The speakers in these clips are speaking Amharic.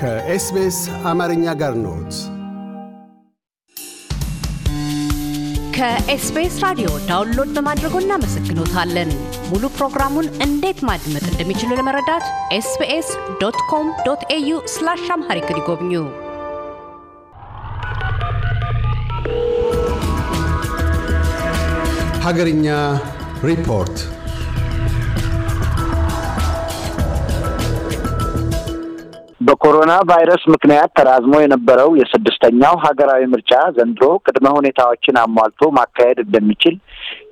ከኤስቤስ አማርኛ ጋር ኖት። ከኤስቤስ ራዲዮ ዳውንሎድ በማድረጎ እናመሰግኖታለን። ሙሉ ፕሮግራሙን እንዴት ማድመጥ እንደሚችሉ ለመረዳት ኤስቤስ ዶት ኮም ዶት ኤዩ ስላሽ ይጎብኙ። ሀገርኛ ሪፖርት በኮሮና ቫይረስ ምክንያት ተራዝሞ የነበረው የስድስተኛው ሀገራዊ ምርጫ ዘንድሮ ቅድመ ሁኔታዎችን አሟልቶ ማካሄድ እንደሚችል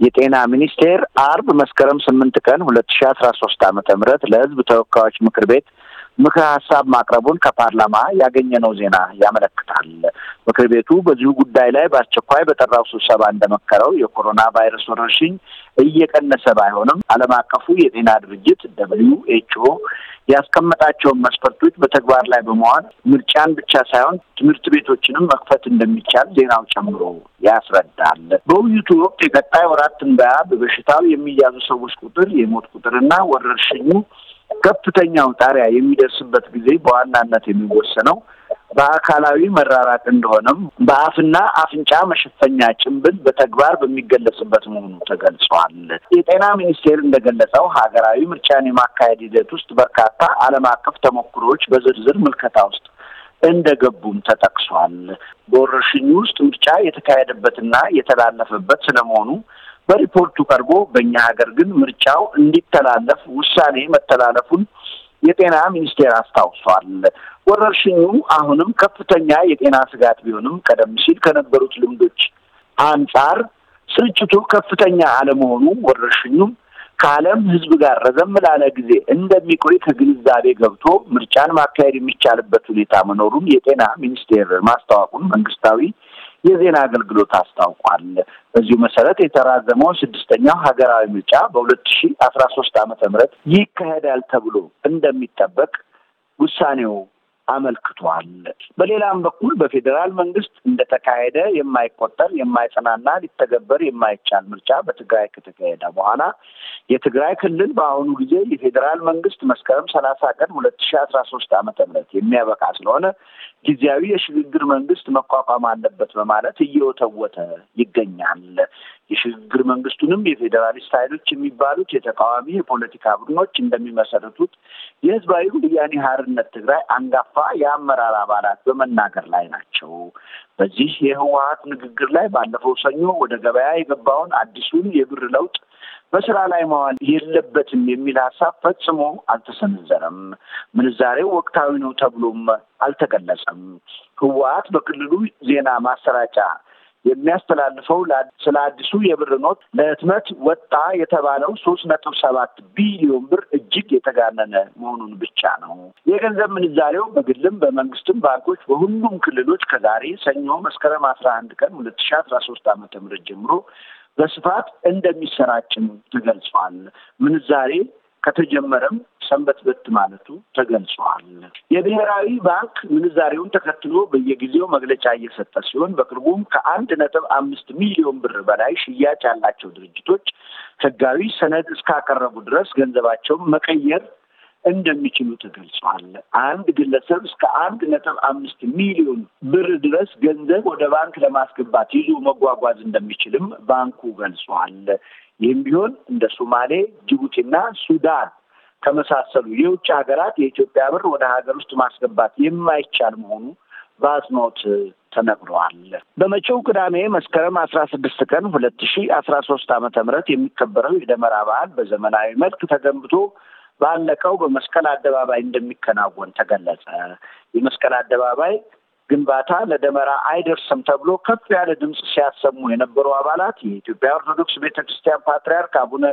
የጤና ሚኒስቴር አርብ መስከረም ስምንት ቀን ሁለት ሺ አስራ ሶስት አመተ ምህረት ለህዝብ ተወካዮች ምክር ቤት ምክረ ሀሳብ ማቅረቡን ከፓርላማ ያገኘነው ዜና ያመለክታል። ምክር ቤቱ በዚሁ ጉዳይ ላይ በአስቸኳይ በጠራው ስብሰባ እንደመከረው የኮሮና ቫይረስ ወረርሽኝ እየቀነሰ ባይሆንም ዓለም አቀፉ የጤና ድርጅት ደብልዩ ኤች ኦ ያስቀመጣቸውን መስፈርቶች በተግባር ላይ በመዋል ምርጫን ብቻ ሳይሆን ትምህርት ቤቶችንም መክፈት እንደሚቻል ዜናው ጨምሮ ያስረዳል። በውይይቱ ወቅት የቀጣይ ወራት ትንበያ፣ በበሽታው የሚያዙ ሰዎች ቁጥር፣ የሞት ቁጥርና ወረርሽኙ ከፍተኛው ጣሪያ የሚደርስበት ጊዜ በዋናነት የሚወሰነው በአካላዊ መራራቅ እንደሆነም በአፍና አፍንጫ መሸፈኛ ጭንብል በተግባር በሚገለጽበት መሆኑ ተገልጿል። የጤና ሚኒስቴር እንደገለጸው ሀገራዊ ምርጫን የማካሄድ ሂደት ውስጥ በርካታ ዓለም አቀፍ ተሞክሮዎች በዝርዝር ምልከታ ውስጥ እንደገቡም ተጠቅሷል። በወረርሽኙ ውስጥ ምርጫ የተካሄደበትና የተላለፈበት ስለመሆኑ በሪፖርቱ ቀርቦ በእኛ ሀገር ግን ምርጫው እንዲተላለፍ ውሳኔ መተላለፉን የጤና ሚኒስቴር አስታውሷል። ወረርሽኙ አሁንም ከፍተኛ የጤና ስጋት ቢሆንም ቀደም ሲል ከነበሩት ልምዶች አንጻር ስርጭቱ ከፍተኛ አለመሆኑ ወረርሽኙም ከዓለም ሕዝብ ጋር ረዘም ላለ ጊዜ እንደሚቆይ ከግንዛቤ ገብቶ ምርጫን ማካሄድ የሚቻልበት ሁኔታ መኖሩን የጤና ሚኒስቴር ማስታወቁን መንግስታዊ የዜና አገልግሎት አስታውቋል። በዚሁ መሰረት የተራዘመው ስድስተኛው ሀገራዊ ምርጫ በሁለት ሺ አስራ ሶስት ዓመተ ምህረት ይካሄዳል ተብሎ እንደሚጠበቅ ውሳኔው አመልክቷል። በሌላም በኩል በፌዴራል መንግስት እንደተካሄደ የማይቆጠር የማይጸናና ሊተገበር የማይቻል ምርጫ በትግራይ ከተካሄደ በኋላ የትግራይ ክልል በአሁኑ ጊዜ የፌዴራል መንግስት መስከረም ሰላሳ ቀን ሁለት ሺ አስራ ሶስት ዓመተ ምህረት የሚያበቃ ስለሆነ ጊዜያዊ የሽግግር መንግስት መቋቋም አለበት በማለት እየወተወተ ይገኛል። የሽግግር መንግስቱንም የፌዴራሊስት ኃይሎች የሚባሉት የተቃዋሚ የፖለቲካ ቡድኖች እንደሚመሰርቱት የህዝባዊ ወያኔ ሀርነት ትግራይ አንጋፋ የአመራር አባላት በመናገር ላይ ናቸው። በዚህ የህወሀት ንግግር ላይ ባለፈው ሰኞ ወደ ገበያ የገባውን አዲሱን የብር ለውጥ በስራ ላይ መዋል የለበትም የሚል ሀሳብ ፈጽሞ አልተሰነዘረም። ምንዛሬው ወቅታዊ ነው ተብሎም አልተገለጸም። ህወሀት በክልሉ ዜና ማሰራጫ የሚያስተላልፈው ስለ አዲሱ የብር ኖት ለህትመት ወጣ የተባለው ሶስት ነጥብ ሰባት ቢሊዮን ብር እጅግ የተጋነነ መሆኑን ብቻ ነው። የገንዘብ ምንዛሬው በግልም በመንግስትም ባንኮች በሁሉም ክልሎች ከዛሬ ሰኞ መስከረም አስራ አንድ ቀን ሁለት ሺ አስራ ሶስት አመተ ምህረት ጀምሮ በስፋት እንደሚሰራጭም ተገልጿል። ምንዛሬ ከተጀመረም ሰንበት በት ማለቱ ተገልጿል። የብሔራዊ ባንክ ምንዛሬውን ተከትሎ በየጊዜው መግለጫ እየሰጠ ሲሆን በቅርቡም ከአንድ ነጥብ አምስት ሚሊዮን ብር በላይ ሽያጭ ያላቸው ድርጅቶች ህጋዊ ሰነድ እስካቀረቡ ድረስ ገንዘባቸውን መቀየር እንደሚችሉ ተገልጿል። አንድ ግለሰብ እስከ አንድ ነጥብ አምስት ሚሊዮን ብር ድረስ ገንዘብ ወደ ባንክ ለማስገባት ይዞ መጓጓዝ እንደሚችልም ባንኩ ገልጿል። ይህም ቢሆን እንደ ሶማሌ፣ ጅቡቲና ሱዳን ከመሳሰሉ የውጭ ሀገራት የኢትዮጵያ ብር ወደ ሀገር ውስጥ ማስገባት የማይቻል መሆኑ በአጽንኦት ተነግረዋል። በመጪው ቅዳሜ መስከረም አስራ ስድስት ቀን ሁለት ሺ አስራ ሶስት ዓመተ ምህረት የሚከበረው የደመራ በዓል በዘመናዊ መልክ ተገንብቶ ባለቀው በመስቀል አደባባይ እንደሚከናወን ተገለጸ። የመስቀል አደባባይ ግንባታ ለደመራ አይደርስም ተብሎ ከፍ ያለ ድምፅ ሲያሰሙ የነበሩ አባላት የኢትዮጵያ ኦርቶዶክስ ቤተክርስቲያን ፓትርያርክ አቡነ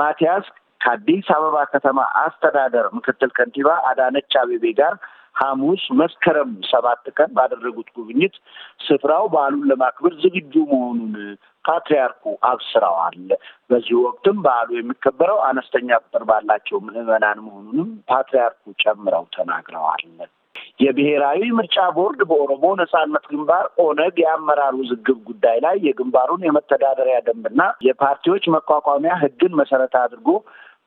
ማቲያስ ከአዲስ አበባ ከተማ አስተዳደር ምክትል ከንቲባ አዳነች አቤቤ ጋር ሐሙስ መስከረም ሰባት ቀን ባደረጉት ጉብኝት ስፍራው በዓሉን ለማክበር ዝግጁ መሆኑን ፓትሪያርኩ አብስረዋል። በዚህ ወቅትም በዓሉ የሚከበረው አነስተኛ ቁጥር ባላቸው ምዕመናን መሆኑንም ፓትሪያርኩ ጨምረው ተናግረዋል። የብሔራዊ ምርጫ ቦርድ በኦሮሞ ነጻነት ግንባር ኦነግ የአመራር ውዝግብ ጉዳይ ላይ የግንባሩን የመተዳደሪያ ደንብና የፓርቲዎች መቋቋሚያ ሕግን መሰረት አድርጎ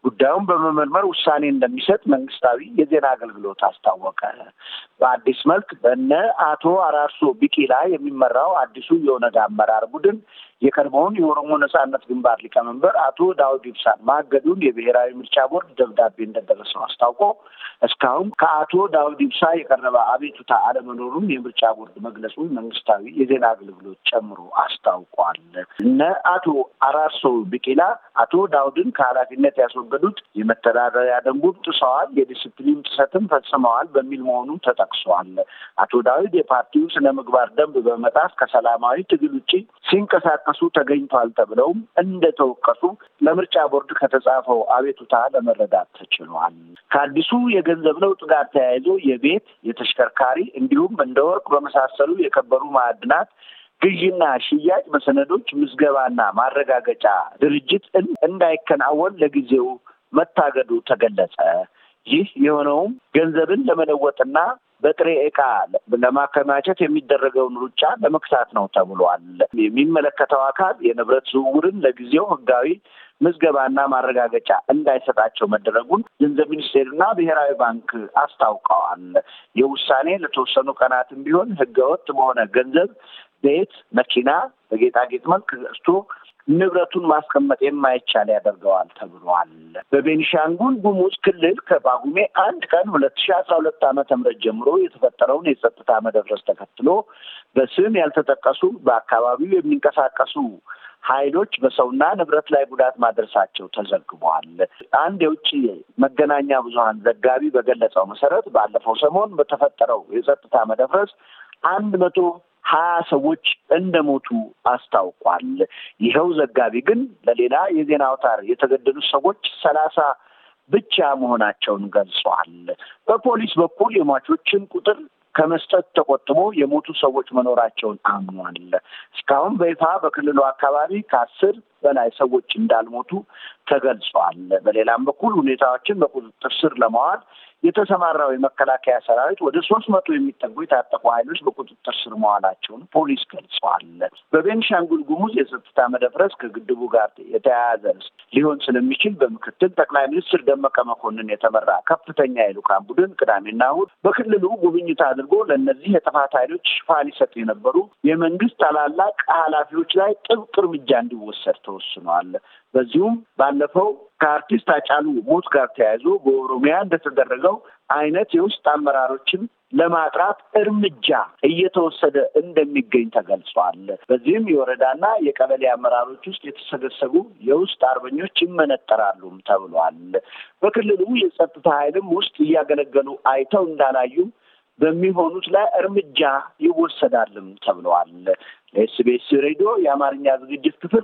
ጉዳዩን በመመርመር ውሳኔ እንደሚሰጥ መንግስታዊ የዜና አገልግሎት አስታወቀ። በአዲስ መልክ በነ አቶ አራርሶ ቢቂላ የሚመራው አዲሱ የኦነግ አመራር ቡድን የቀድሞውን የኦሮሞ ነጻነት ግንባር ሊቀመንበር አቶ ዳውድ ኢብሳን ማገዱን የብሔራዊ ምርጫ ቦርድ ደብዳቤ እንደደረሰው አስታውቆ እስካሁን ከአቶ ዳውድ ኢብሳ የቀረበ አቤቱታ አለመኖሩን የምርጫ ቦርድ መግለጹን መንግስታዊ የዜና አገልግሎት ጨምሮ አስታውቋል። እነ አቶ አራርሶ ቢቂላ አቶ ዳውድን ከኃላፊነት ያስወገዱት የመተዳደሪያ ደንቡን ጥሰዋል፣ የዲስፕሊን ጥሰትም ፈጽመዋል በሚል መሆኑ ተጠቅሷል። አቶ ዳዊድ የፓርቲው ስነ ምግባር ደንብ በመጣፍ ከሰላማዊ ትግል ውጭ ሲንቀሳቀሱ ሲጠቀሱ ተገኝቷል ተብለውም እንደተወቀሱ ለምርጫ ቦርድ ከተጻፈው አቤቱታ ለመረዳት ተችሏል። ከአዲሱ የገንዘብ ለውጥ ጋር ተያይዞ የቤት የተሽከርካሪ እንዲሁም እንደ ወርቅ በመሳሰሉ የከበሩ ማዕድናት ግዥና ሽያጭ በሰነዶች ምዝገባና ማረጋገጫ ድርጅት እንዳይከናወን ለጊዜው መታገዱ ተገለጸ። ይህ የሆነውም ገንዘብን ለመለወጥና በጥሬ ዕቃ ለማከማቸት የሚደረገውን ሩጫ ለመክታት ነው ተብሏል። የሚመለከተው አካል የንብረት ዝውውርን ለጊዜው ህጋዊ ምዝገባና ማረጋገጫ እንዳይሰጣቸው መደረጉን ገንዘብ ሚኒስቴርና ብሔራዊ ባንክ አስታውቀዋል። የውሳኔ ለተወሰኑ ቀናትም ቢሆን ህገወጥ በሆነ ገንዘብ ቤት፣ መኪና በጌጣጌጥ መልክ ገዝቶ ንብረቱን ማስቀመጥ የማይቻል ያደርገዋል ተብሏል። በቤኒሻንጉል ጉሙዝ ክልል ከጳጉሜ አንድ ቀን ሁለት ሺ አስራ ሁለት ዓመተ ምህረት ጀምሮ የተፈጠረውን የጸጥታ መደፍረስ ተከትሎ በስም ያልተጠቀሱ በአካባቢው የሚንቀሳቀሱ ኃይሎች በሰውና ንብረት ላይ ጉዳት ማድረሳቸው ተዘግቧል። አንድ የውጭ መገናኛ ብዙኃን ዘጋቢ በገለጸው መሰረት ባለፈው ሰሞን በተፈጠረው የጸጥታ መደፍረስ አንድ መቶ ሀያ ሰዎች እንደሞቱ አስታውቋል። ይኸው ዘጋቢ ግን ለሌላ የዜና አውታር የተገደሉት ሰዎች ሰላሳ ብቻ መሆናቸውን ገልጸዋል። በፖሊስ በኩል የሟቾችን ቁጥር ከመስጠት ተቆጥቦ የሞቱ ሰዎች መኖራቸውን አምኗል። እስካሁን በይፋ በክልሉ አካባቢ ከአስር በላይ ሰዎች እንዳልሞቱ ተገልጿል። በሌላም በኩል ሁኔታዎችን በቁጥጥር ስር ለማዋል የተሰማራው የመከላከያ ሰራዊት ወደ ሶስት መቶ የሚጠጉ የታጠቁ ኃይሎች በቁጥጥር ስር መዋላቸውን ፖሊስ ገልጸዋል። በቤንሻንጉል ጉሙዝ የጸጥታ መደፍረስ ከግድቡ ጋር የተያያዘ ሊሆን ስለሚችል በምክትል ጠቅላይ ሚኒስትር ደመቀ መኮንን የተመራ ከፍተኛ የልዑካን ቡድን ቅዳሜና እሑድ በክልሉ ጉብኝት አድርጎ ለእነዚህ የጥፋት ኃይሎች ሽፋን ይሰጥ የነበሩ የመንግስት ታላላቅ ኃላፊዎች ላይ ጥብቅ እርምጃ እንዲወሰድ ተወስኗል። በዚሁም ባለፈው ከአርቲስት አጫሉ ሞት ጋር ተያይዞ በኦሮሚያ እንደተደረገው አይነት የውስጥ አመራሮችን ለማጥራት እርምጃ እየተወሰደ እንደሚገኝ ተገልጿል። በዚህም የወረዳና የቀበሌ አመራሮች ውስጥ የተሰገሰጉ የውስጥ አርበኞች ይመነጠራሉም ተብሏል። በክልሉ የጸጥታ ኃይልም ውስጥ እያገለገሉ አይተው እንዳላዩ በሚሆኑት ላይ እርምጃ ይወሰዳልም ተብለዋል። ለኤስቢኤስ ሬዲዮ የአማርኛ ዝግጅት ክፍል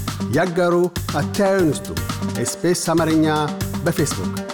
ያጋሩ፣ አስተያየትዎን ይስጡ። ኤስፔስ አማርኛ በፌስቡክ